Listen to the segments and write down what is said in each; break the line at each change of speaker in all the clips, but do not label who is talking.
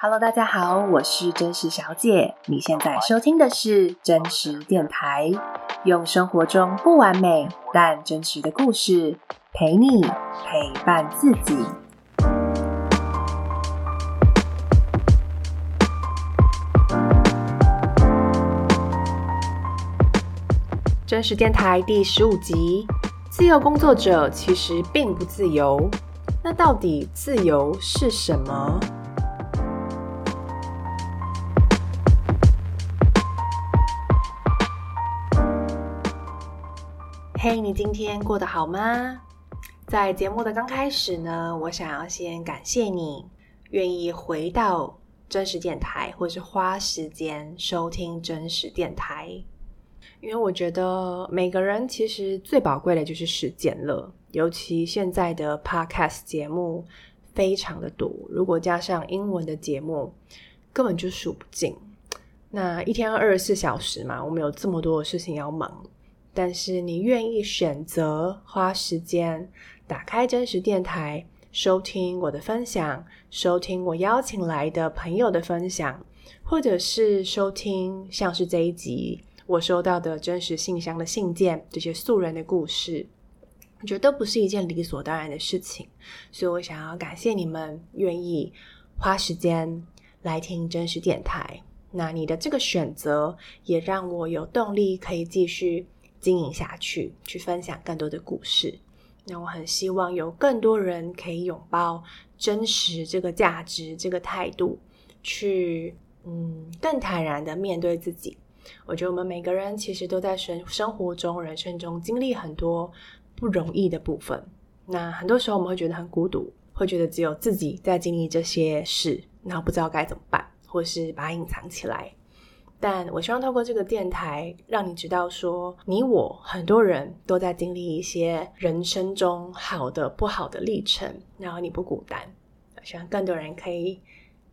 Hello，大家好，我是真實小姐。你現在收聽的是真實電台，用生活中不完美但真實的故事陪你陪伴自己。真實電台第十五集：自由工作者其實並不自由，那到底自由是什麼？嘿，hey，你今天過得好嗎？在節目的剛開始呢，我想要先感謝你願意回到真實電台，或是花時間收聽真實電台。因為我覺得每個人其實最寶貴的就是時間了，尤其現在的 podcast 節目非常的多，如果加上英文的節目，根本就數不盡。那一天二十四小時嘛，我們有這麼多的事情要忙。但是你願意選擇花時間打開真實電台，收聽我的分享，收聽我邀請來的朋友的分享，或者是收聽像是這一集我收到的真實信箱的信件，這些素人的故事，我覺得不是一件理所當然的事情。所以我想要感謝你們願意花時間來聽真實電台。那你的這個選擇也讓我有動力可以繼續。經營下去，去分享更多的故事。那我很希望有更多人可以擁抱真實這個價值，這個態度，去嗯更坦然的面對自己。我覺得我們每個人其實都在生生活中、人生中經歷很多不容易的部分。那很多時候我們會覺得很孤獨，會覺得只有自己在經歷這些事，然後不知道該怎麼辦，或是把它隱藏起來。但我希望透過這個電台，讓你知道說，你我很多人都在經歷一些人生中好的、不好的歷程，然後你不孤單。我希望更多人可以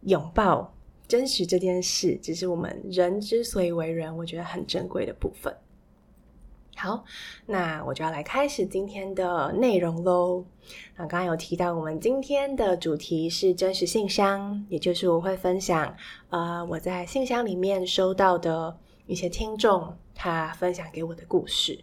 擁抱真實這件事，只是我們人之所以為人，我覺得很珍貴的部分。好，那我就要來開始今天的內容嘍。那、啊、剛剛有提到，我們今天的主題是真實信箱，也就是我會分享，呃，我在信箱裡面收到的一些聽眾他分享給我的故事。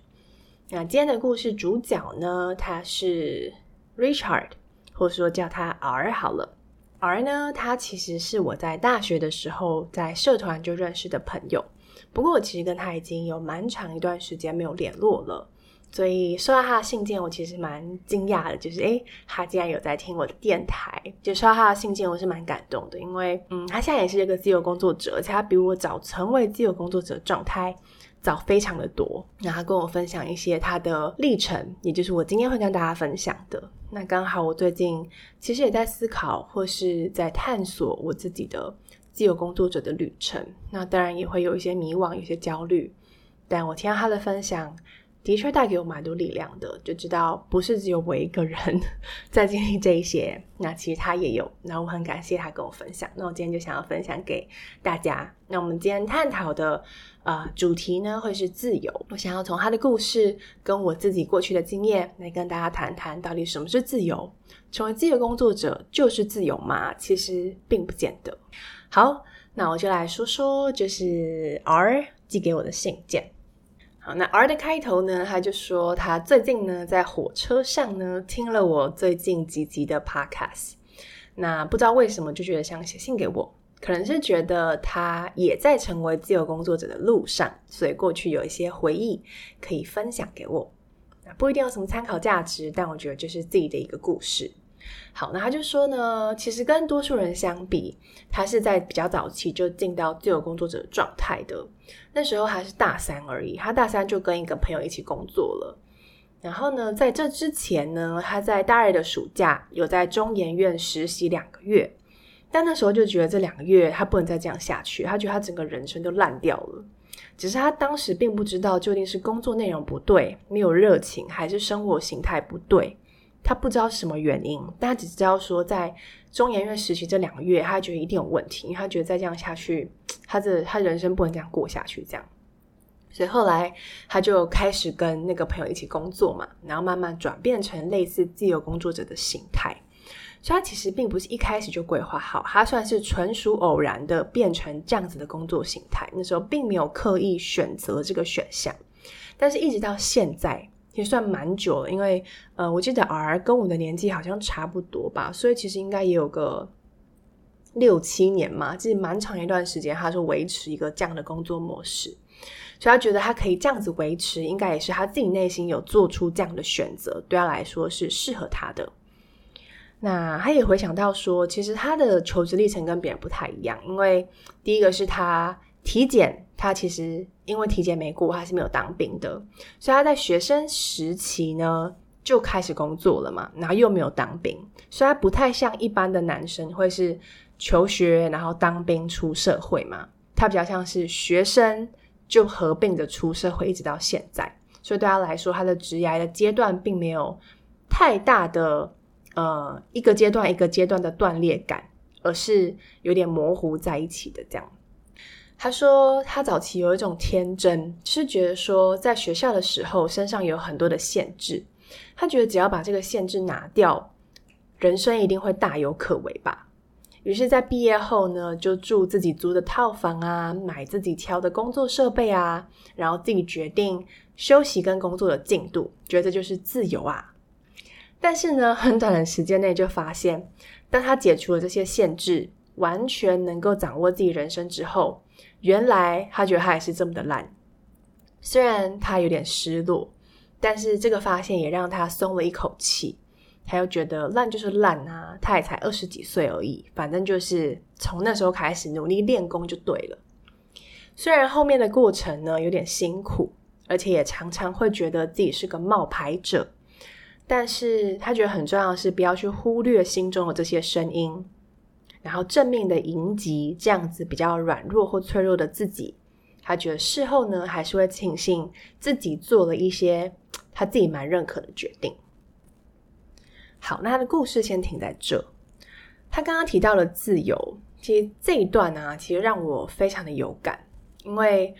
那今天的故事主角呢，他是 Richard，或者說叫他 R 好了。R 呢，他其實是我在大學的時候在社團就認識的朋友。不過我其實跟他已經有蠻長一段時間沒有聯絡了，所以收到他的信件，我其實蠻驚訝的，就是哎，他竟然有在聽我的電台。就收到他的信件，我是蠻感動的，因為嗯，他現在也是一個自由工作者，而且他比我早成為自由工作者狀態早非常的多。然後跟我分享一些他的歷程，也就是我今天會跟大家分享的。那剛好我最近其實也在思考或是在探索我自己的。自由工作者的旅程，那當然也會有一些迷惘，有些焦慮。但我聽到他的分享，的確帶給我蠻多力量的，就知道不是只有我一個人在經歷這一些。那其實他也有，那我很感謝他跟我分享。那我今天就想要分享給大家。那我們今天探討的，呃，主題呢，會是自由。我想要從他的故事跟我自己過去的經驗，來跟大家談談，到底什麼是自由？成為自由工作者就是自由嗎？其實並不見得。好，那我就來說說，就是 R 寄給我的信件。好，那 R 的開頭呢，他就說他最近呢在火車上呢聽了我最近幾集的 Podcast，那不知道為什麼就覺得想寫信給我，可能是覺得他也在成為自由工作者的路上，所以過去有一些回憶可以分享給我。那不一定有什麼參考價值，但我覺得這是自己的一個故事。好，那他就說呢，其實跟多數人相比，他是在比較早期就進到自由工作者的狀態的。那時候他是大三而已，他大三就跟一個朋友一起工作了。然後呢，在這之前呢，他在大二的暑假有在中研院實習兩個月，但那時候就覺得這兩個月他不能再這樣下去，他覺得他整個人生都爛掉了。只是他當時並不知道，究竟是工作內容不對，沒有熱情，還是生活形態不對。他不知道是什麼原因，但他只知道說，在中研院實習這兩個月，他覺得一定有問題，因為他覺得再這樣下去，他的他人生不能這樣過下去，這樣。所以後來他就開始跟那個朋友一起工作嘛，然後慢慢轉變成類似自由工作者的形態。所以，他其實並不是一開始就規劃好，他算是純屬偶然的變成這樣子的工作形態。那時候並沒有刻意選擇這個選項，但是一直到現在，其實算蠻久了，因為呃，我記得 R 跟我的年紀好像差不多吧，所以其實應該也有個六七年嘛，其實蠻長一段時間，他說維持一個這樣的工作模式，所以他覺得他可以這樣子維持，應該也是他自己內心有做出這樣的選擇，對他來說是適合他的。那他也回想到說，其實他的求職歷程跟別人不太一樣，因為第一個是他。體檢，他其實因為體檢沒過，他是沒有當兵的，所以他在學生時期呢就開始工作了嘛，然後又沒有當兵，所以他不太像一般的男生會是求學，然後當兵、出社會嘛，他比較像是學生就合併着出社會，一直到現在。所以對他來說，他的職涯的階段並沒有太大的呃一個階段一個階段的斷裂感，而是有點模糊在一起的這樣。他說，他早期有一種天真，是覺得說，在學校的時候身上有很多的限制，他覺得只要把這個限制拿掉，人生一定會大有可為吧。於是，在畢業後呢，就住自己租的套房啊，買自己挑的工作設備啊，然後自己決定休息跟工作的進度，覺得就是自由啊。但是呢，很短的時間內就發現，當他解除了這些限制，完全能夠掌握自己人生之後。原來他覺得他也是這麼的爛，雖然他有點失落，但是這個發現也讓他鬆了一口氣。他又覺得爛就是爛啊，他也才二十幾歲而已，反正就是從那時候開始努力練功就對了。雖然後面的過程呢，有點辛苦，而且也常常會覺得自己是個冒牌者，但是他覺得很重要的是不要去忽略心中的這些聲音。然後正面的迎擊這樣子比較軟弱或脆弱的自己，他覺得事後呢還是會慶幸自己做了一些他自己蠻認可的決定。好，那他的故事先停在這。他剛剛提到了自由，其實這一段呢、啊，其實讓我非常的有感，因為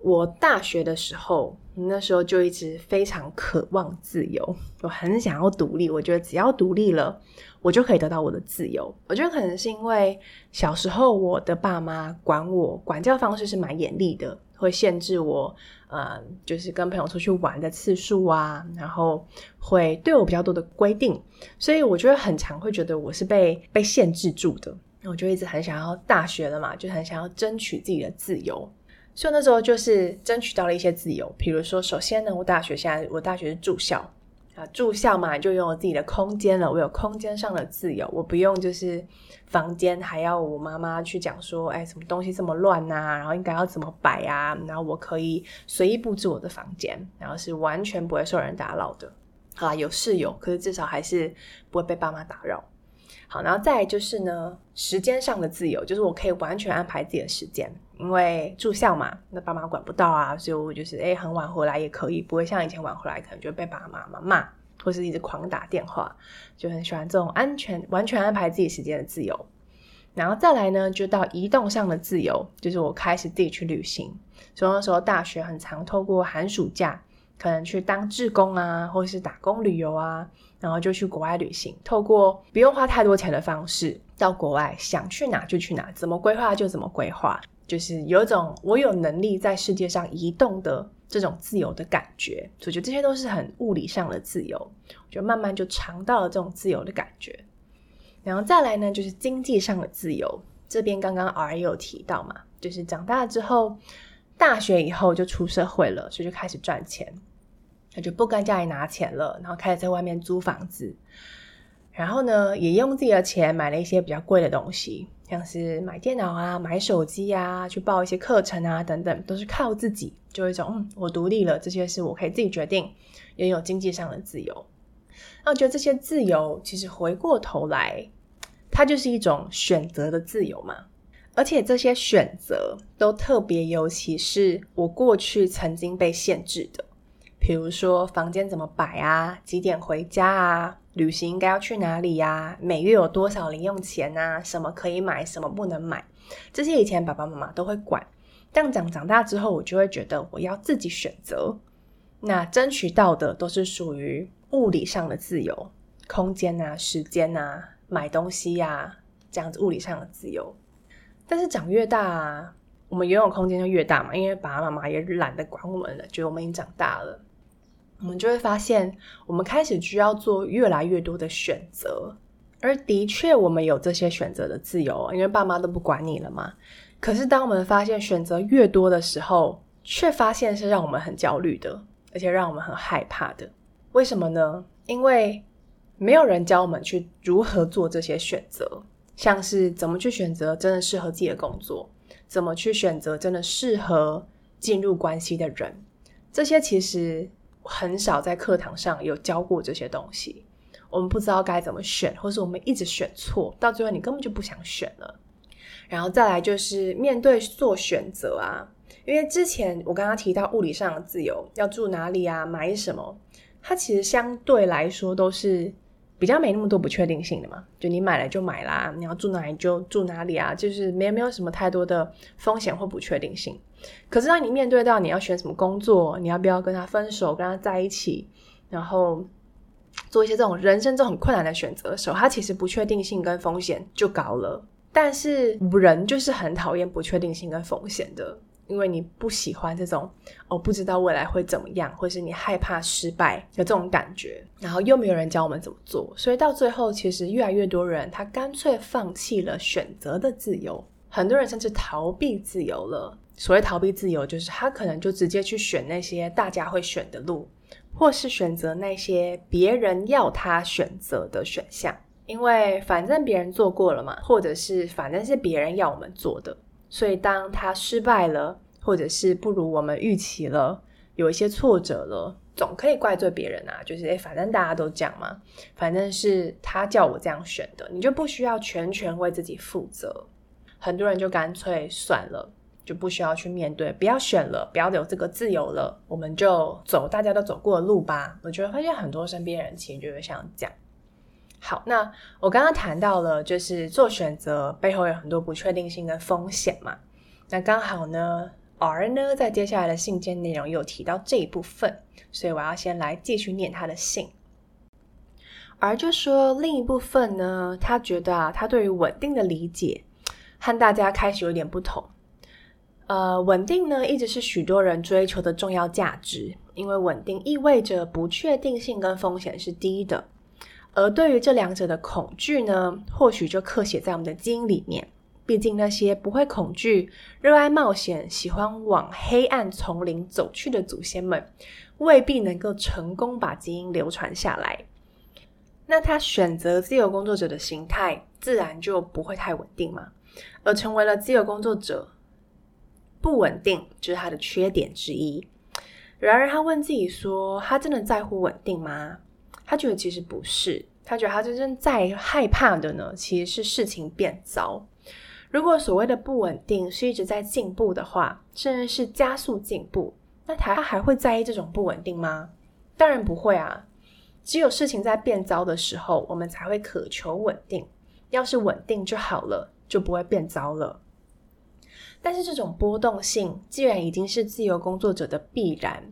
我大學的時候。那時候就一直非常渴望自由，我很想要獨立。我覺得只要獨立了，我就可以得到我的自由。我覺得可能是因為小時候我的爸媽管我，管教方式是蠻嚴厲的，會限制我，呃，就是跟朋友出去玩的次數啊，然後會對我比較多的規定。所以我覺得很常會覺得我是被被限制住的，我就一直很想要大學了嘛，就很想要爭取自己的自由。所以那時候就是爭取到了一些自由，比如說，首先呢，我大學現在我大學是住校啊，住校嘛，就擁有自己的空間了，我有空間上的自由，我不用就是房間還要我媽媽去講說，哎，什麼東西這麼亂吶，啊，然後應該要怎麼擺啊，然後我可以隨意布置我的房間，然後是完全不會受人打擾的啊，有室友，可是至少還是不會被爸媽打擾。好，然後再來就是呢，時間上的自由，就是我可以完全安排自己的時間。因為住校嘛，那爸媽管不到啊，所以我就是誒很晚回來也可以，不會像以前晚回來可能就被爸媽,媽罵，或是一直狂打電話，就很喜歡這種安全完全安排自己時間的自由。然後再來呢，就到移動上的自由，就是我開始自己去旅行。所以那時候大學很常透過寒暑假，可能去當志工啊，或是打工旅遊啊，然後就去國外旅行，透過不用花太多錢的方式到國外，想去哪就去哪，怎麼規劃就怎麼規劃。就是有種我有能力在世界上移動的這種自由的感覺，所以我覺得這些都是很物理上的自由。就慢慢就嘗到了這種自由的感覺，然後再來呢，就是經濟上的自由。這邊剛剛 R 也有提到嘛，就是長大了之後，大學以後就出社會了，所以就開始賺錢，他就不跟家裡拿錢了，然後開始在外面租房子，然後呢，也用自己的錢買了一些比較貴的東西。像是買電腦啊、買手機啊、去報一些課程啊等等，都是靠自己，就一種、嗯、我獨立了，這些事我可以自己決定，擁有經濟上的自由。那我覺得這些自由其實回過頭來，它就是一種選擇的自由嘛。而且這些選擇都特別，尤其是我過去曾經被限制的，比如說房間怎麼擺啊、幾點回家啊。旅行應該要去哪裡呀、啊？每月有多少零用錢啊？什麼可以買，什麼不能買？這些以前爸爸媽媽都會管，但長長大之後，我就會覺得我要自己選擇。那爭取到的都是屬於物理上的自由，空間啊、時間啊、買東西呀、啊，這樣子物理上的自由。但是長越大，啊，我們擁有空間就越大嘛，因為爸爸媽媽也懶得管我們了，覺得我們已經長大了。我們就會發現，我們開始需要做越來越多的選擇，而的確，我們有這些選擇的自由，因為爸媽都不管你了嘛。可是，當我們發現選擇越多的時候，卻發現是讓我們很焦慮的，而且讓我們很害怕的。為什麼呢？因為沒有人教我們去如何做這些選擇，像是怎麼去選擇真的適合自己的工作，怎麼去選擇真的適合進入關係的人，這些其實。很少在課堂上有教過這些東西，我們不知道該怎麼選，或是我們一直選錯，到最後你根本就不想選了。然後再來就是面對做選擇啊，因為之前我剛剛提到物理上的自由，要住哪裡啊，買什麼，它其實相對來說都是比較沒那麼多不確定性的嘛。就你買來就買啦啊，你要住哪裡就住哪裡啊，就是沒有沒有什麼太多的風險或不確定性。可是當你面對到你要選什麼工作，你要不要跟他分手，跟他在一起，然後做一些這種人生這種很困難的選擇的時候，他其實不確定性跟風險就高了。但是人就是很討厭不確定性跟風險的，因為你不喜歡這種哦，不知道未來會怎麼樣，或是你害怕失敗的這種感覺，然後又沒有人教我們怎麼做，所以到最後，其實越來越多人他乾脆放棄了選擇的自由，很多人甚至逃避自由了。所謂逃避自由，就是他可能就直接去選那些大家會選的路，或是選擇那些別人要他選擇的選項，因為反正別人做過了嘛，或者是反正是別人要我們做的，所以當他失敗了，或者是不如我們預期了，有一些挫折了，總可以怪罪別人啊，就是誒、欸，反正大家都這樣嘛，反正是他叫我這樣選的，你就不需要全權為自己負責。很多人就乾脆算了。就不需要去面對，不要選了，不要有這個自由了，我們就走大家都走過的路吧。我覺得發現很多身邊人其實就是這樣講。好，那我剛剛談到了，就是做選擇背後有很多不確定性的風險嘛。那剛好呢，R 呢在接下來的信件內容又提到這一部分，所以我要先來繼續念他的信。R 就說另一部分呢，他覺得啊，他對於穩定的理解和大家開始有點不同。呃，穩定呢，一直是許多人追求的重要價值，因為穩定意味着不確定性跟風險是低的。而對於這兩者的恐懼呢，或許就刻寫在我們的基因裡面。畢竟那些不會恐懼、熱愛冒險、喜歡往黑暗叢林走去的祖先們，未必能夠成功把基因流傳下來。那他選擇自由工作者的形態，自然就不會太穩定嘛。而成為了自由工作者。不穩定就是他的缺點之一。然而，他問自己說：“他真的在乎穩定嗎？”他覺得其實不是。他覺得他真正在害怕的呢，其實是事情變糟。如果所謂的不穩定是一直在進步的話，甚至是加速進步，那他他還會在意這種不穩定嗎？當然不會啊。只有事情在變糟的時候，我們才會渴求穩定。要是穩定就好了，就不會變糟了。但是這種波動性既然已經是自由工作者的必然，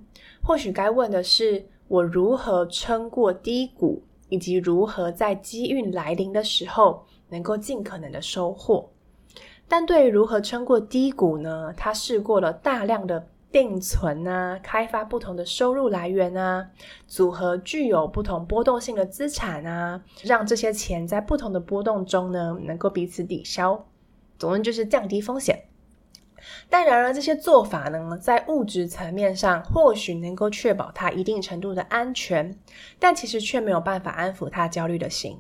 或許該問的是我如何撐過低谷，以及如何在機運來臨的時候能夠盡可能的收穫。但對於如何撐過低谷呢？他試過了大量的定存啊，開發不同的收入來源啊，組合具有不同波動性的資產啊，讓這些錢在不同的波動中呢能夠彼此抵消。總之就是降低風險。但然而，這些做法呢，在物質層面上或許能夠確保他一定程度的安全，但其實卻沒有辦法安撫他焦慮的心。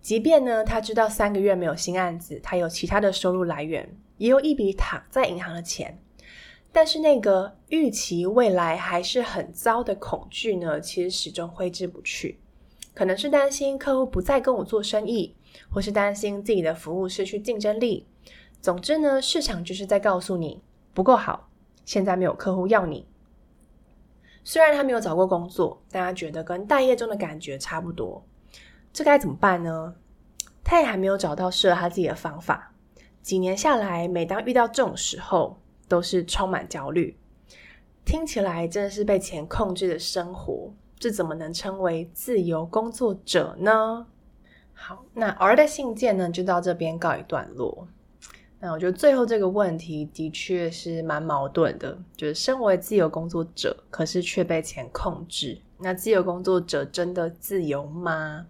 即便呢，他知道三個月沒有新案子，他有其他的收入來源，也有一筆躺在銀行的錢，但是那個預期未來還是很糟的恐懼呢，其實始終揮之不去。可能是擔心客戶不再跟我做生意，或是擔心自己的服務失去競爭力。總之呢，市場就是在告訴你不夠好，現在沒有客戶要你。雖然他沒有找過工作，大家覺得跟待業中的感覺差不多。這該怎麼辦呢？他也還沒有找到適合他自己的方法。幾年下來，每當遇到這種時候，都是充滿焦慮。聽起來真的是被錢控制的生活，這怎麼能稱為自由工作者呢？好，那 R 的信件呢，就到這邊告一段落。那我覺得最後這個問題的確是蠻矛盾的，就是身為自由工作者，可是卻被錢控制。那自由工作者真的自由嗎？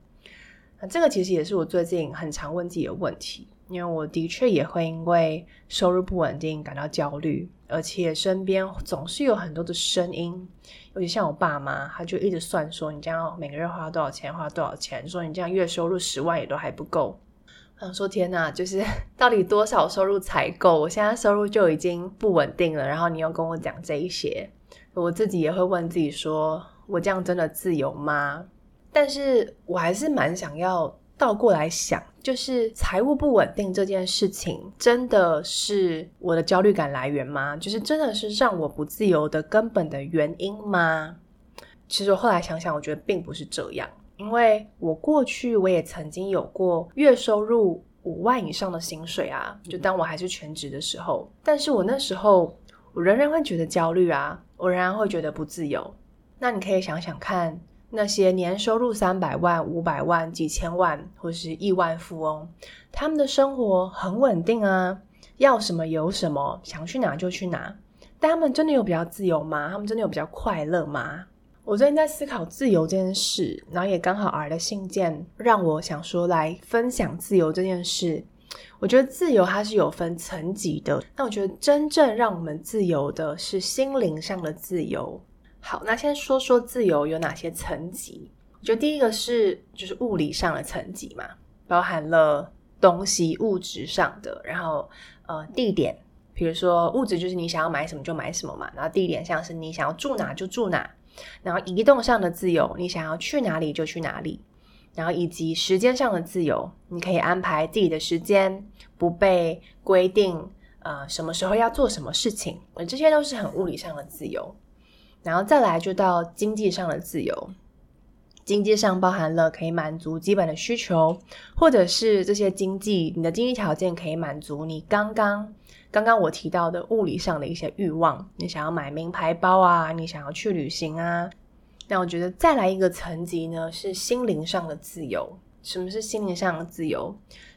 那這個其實也是我最近很常問自己的問題，因為我的確也會因為收入不穩定感到焦慮，而且身邊總是有很多的聲音，尤其像我爸媽，他就一直算說你這樣每個月花多少錢，花多少錢，說你這樣月收入十萬也都還不夠。想、嗯、說：“天哪，就是到底多少收入才夠？我現在收入就已經不穩定了，然後你又跟我講這一些，我自己也會問自己說，說我這樣真的自由嗎？但是我還是蠻想要倒過來想，就是財務不穩定這件事情真的是我的焦慮感來源嗎？就是真的是讓我不自由的根本的原因嗎？其實我後來想想，我覺得並不是這樣。”因為我過去我也曾經有過月收入五萬以上的薪水啊，就當我還是全職的時候，但是我那時候我仍然會覺得焦慮啊，我仍然會覺得不自由。那你可以想想看，那些年收入三百萬、五百萬、幾千萬，或是億萬富翁，他們的生活很穩定啊，要什麼有什麼，想去哪就去哪，但他們真的有比較自由嗎？他們真的有比較快樂嗎？我最近在思考自由這件事，然後也剛好 R 的信件讓我想說，來分享自由這件事。我覺得自由它是有分層級的，那我覺得真正讓我們自由的是心靈上的自由。好，那先說說自由有哪些層級？我覺得第一個是就是物理上的層級嘛，包含了東西物質上的，然後呃地點。比如說物質就是你想要買什麼就買什麼嘛，然後地點像是你想要住哪就住哪，然後移動上的自由，你想要去哪裡就去哪裡，然後以及時間上的自由，你可以安排自己的時間不被規定，呃什麼時候要做什麼事情，而這些都是很物理上的自由。然後再來就到經濟上的自由，經濟上包含了可以滿足基本的需求，或者是這些經濟你的經濟條件可以滿足你剛剛。剛剛我提到的物理上的一些欲望，你想要買名牌包啊，你想要去旅行啊，那我覺得再來一個層級呢，是心靈上的自由。什麼是心靈上的自由？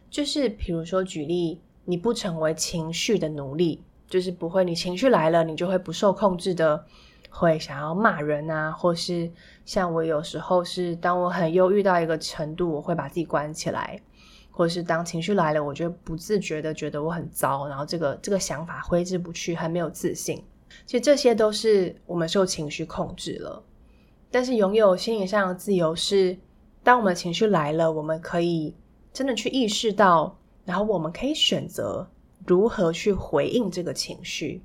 就是比如說舉例，你不成為情緒的奴隸，就是不會，你情緒來了，你就會不受控制的會想要罵人啊，或是像我有時候是，當我很憂鬱到一個程度，我會把自己關起來。或者是當情緒來了，我就不自覺的覺得我很糟，然後這個這個想法揮之不去，很沒有自信。其實這些都是我們受情緒控制了。但是擁有心理上的自由是，當我們的情緒來了，我們可以真的去意識到，然後我們可以選擇如何去回應這個情緒，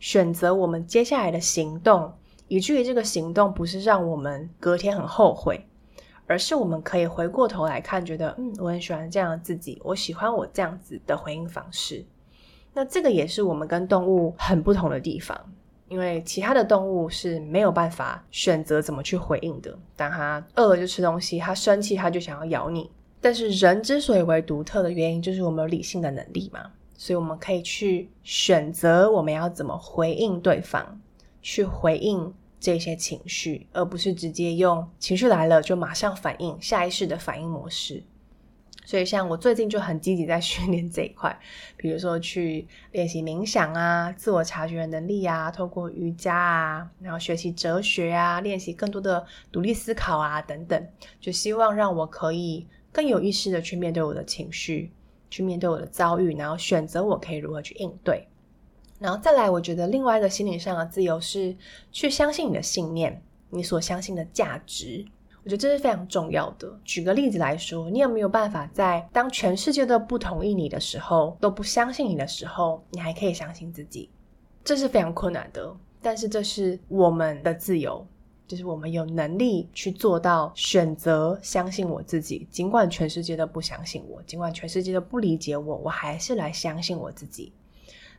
選擇我們接下來的行動，以至於這個行動不是讓我們隔天很後悔。而是我們可以回過頭來看，覺得嗯，我很喜歡這樣的自己，我喜歡我這樣子的回應方式。那這個也是我們跟動物很不同的地方，因為其他的動物是沒有辦法選擇怎麼去回應的，當它餓了就吃東西，它生氣它就想要咬你。但是人之所以為獨特的原因，就是我們有理性的能力嘛，所以我們可以去選擇我們要怎麼回應對方，去回應這些情緒，而不是直接用情緒來了就馬上反應、下意識的反應模式。所以，像我最近就很積極在訓練這一塊，比如說去練習冥想啊、自我察覺能力啊、透過瑜伽啊，然後學習哲學啊、練習更多的獨立思考啊等等，就希望讓我可以更有意識的去面對我的情緒，去面對我的遭遇，然後選擇我可以如何去應對。然後再來，我覺得另外一個心理上的自由是去相信你的信念，你所相信的價值。我覺得這是非常重要的。舉個例子來說，你有沒有辦法在當全世界都不同意你的時候，都不相信你的時候，你還可以相信自己？這是非常困難的，但是這是我們的自由，就是我們有能力去做到選擇相信我自己，儘管全世界都不相信我，儘管全世界都不理解我，我還是來相信我自己。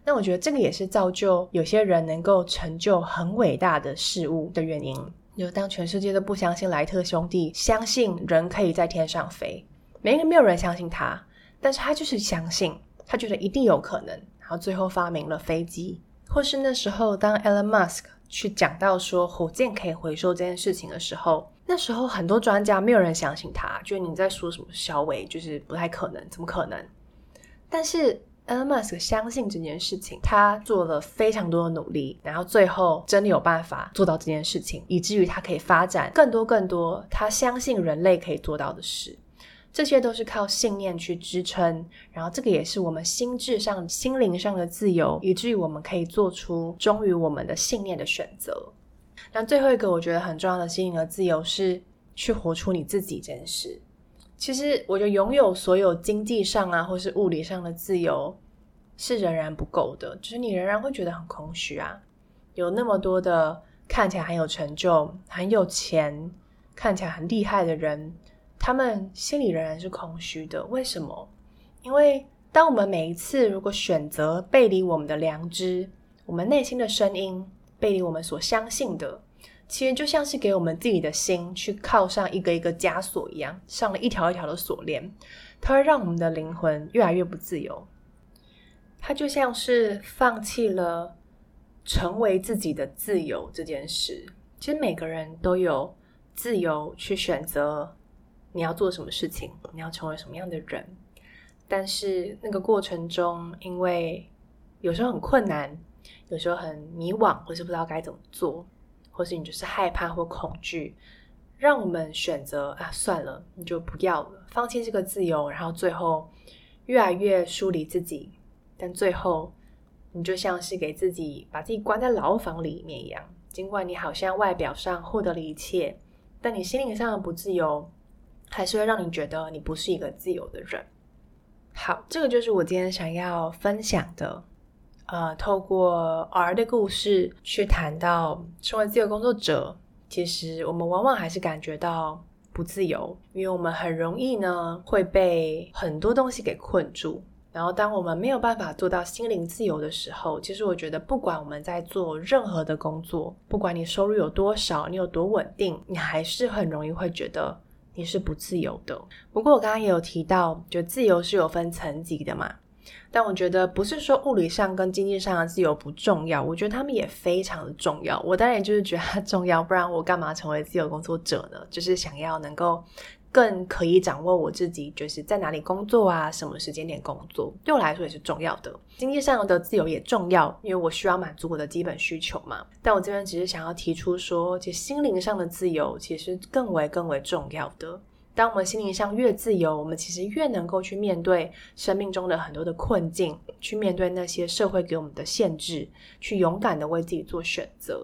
那我覺得這個也是造就有些人能夠成就很偉大的事物的原因。就當全世界都不相信萊特兄弟，相信人可以在天上飛，沒沒有人相信他，但是他就是相信，他覺得一定有可能，然後最後發明了飛機。或是那時候當 Elon Musk 去講到說火箭可以回收這件事情的時候，那時候很多專家沒有人相信他，覺得你在說什麼小偉，就是不太可能，怎麼可能？但是。Elon Musk 相信這件事情，他做了非常多的努力，然後最後真的有辦法做到這件事情，以至於他可以發展更多更多他相信人類可以做到的事。這些都是靠信念去支撐，然後這個也是我們心智上、心靈上的自由，以至於我們可以做出忠於我們的信念的選擇。那最後一個我覺得很重要的心靈的自由是去活出你自己這件事。其實，我覺得擁有所有經濟上啊，或是物理上的自由，是仍然不夠的。就是你仍然會覺得很空虛啊。有那麼多的看起來很有成就、很有錢、看起來很厲害的人，他們心裡仍然是空虛的。為什麼？因為當我們每一次如果選擇背離我們的良知，我們內心的聲音，背離我們所相信的。其實就像是給我們自己的心去套上一個一個枷鎖一樣，上了一條一條的鎖鏈，它會讓我們的靈魂越來越不自由。它就像是放棄了成為自己的自由這件事。其實每個人都有自由去選擇你要做什麼事情，你要成為什麼樣的人。但是那個過程中，因為有時候很困難，有時候很迷惘，或是不知道該怎麼做。或是你就是害怕或恐懼，讓我們選擇啊，算了，你就不要了，放棄這個自由，然後最後越來越疏離自己，但最後你就像是給自己把自己關在牢房裡面一樣。儘管你好像外表上獲得了一切，但你心靈上的不自由，還是會讓你覺得你不是一個自由的人。好，這個就是我今天想要分享的。呃，透過 R 的故事去談到，身為自由工作者，其實我們往往還是感覺到不自由，因為我們很容易呢會被很多東西給困住。然後，當我們沒有辦法做到心靈自由的時候，其實我覺得，不管我們在做任何的工作，不管你收入有多少，你有多穩定，你還是很容易會覺得你是不自由的。不過，我剛剛也有提到，就自由是有分層級的嘛。但我覺得不是說物理上跟經濟上的自由不重要，我覺得他們也非常的重要。我當然也就是覺得它重要，不然我幹嘛成為自由工作者呢？就是想要能夠更可以掌握我自己，就是在哪裡工作啊，什麼時間點工作，對我來說也是重要的。經濟上的自由也重要，因為我需要滿足我的基本需求嘛。但我這邊只是想要提出說，其實心靈上的自由其實更為更為重要的。當我們心靈上越自由，我們其實越能夠去面對生命中的很多的困境，去面對那些社會給我們的限制，去勇敢的為自己做選擇。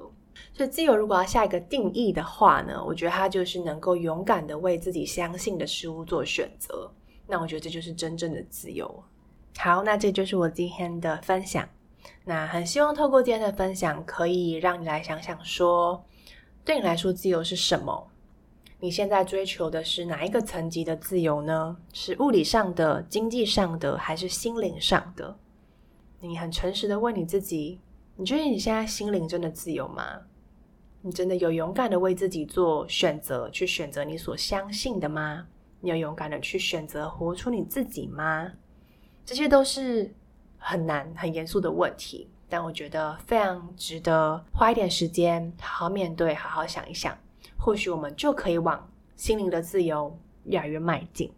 所以，自由如果要下一個定義的話呢，我覺得它就是能夠勇敢的為自己相信的事物做選擇。那我覺得這就是真正的自由。好，那這就是我今天的分享。那很希望透過今天的分享，可以讓你來想想說，對你來說自由是什麼？你現在追求的是哪一個層級的自由呢？是物理上的、經濟上的，還是心靈上的？你很誠實的問你自己，你覺得你現在心靈真的自由嗎？你真的有勇敢的為自己做選擇，去選擇你所相信的嗎？你有勇敢的去選擇活出你自己嗎？這些都是很難、很嚴肅的問題，但我覺得非常值得花一點時間，好好面對，好好想一想。或許我們就可以往心靈的自由越來越邁進。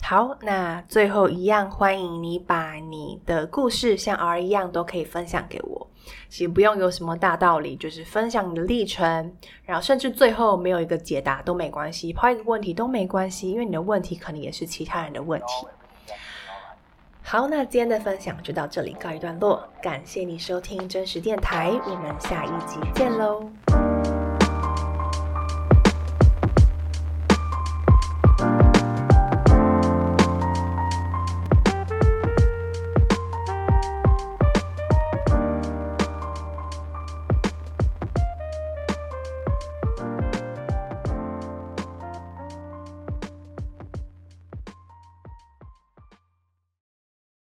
好，那最後一樣，歡迎你把你的故事像 R 一樣都可以分享給我。其實不用有什麼大道理，就是分享你的歷程，然後甚至最後沒有一個解答都沒關係，拋一個問題都沒關係，因為你的問題可能也是其他人的問題。好，那今天的分享就到這裡告一段落，感謝你收聽真實電台，我們下一集見嘍。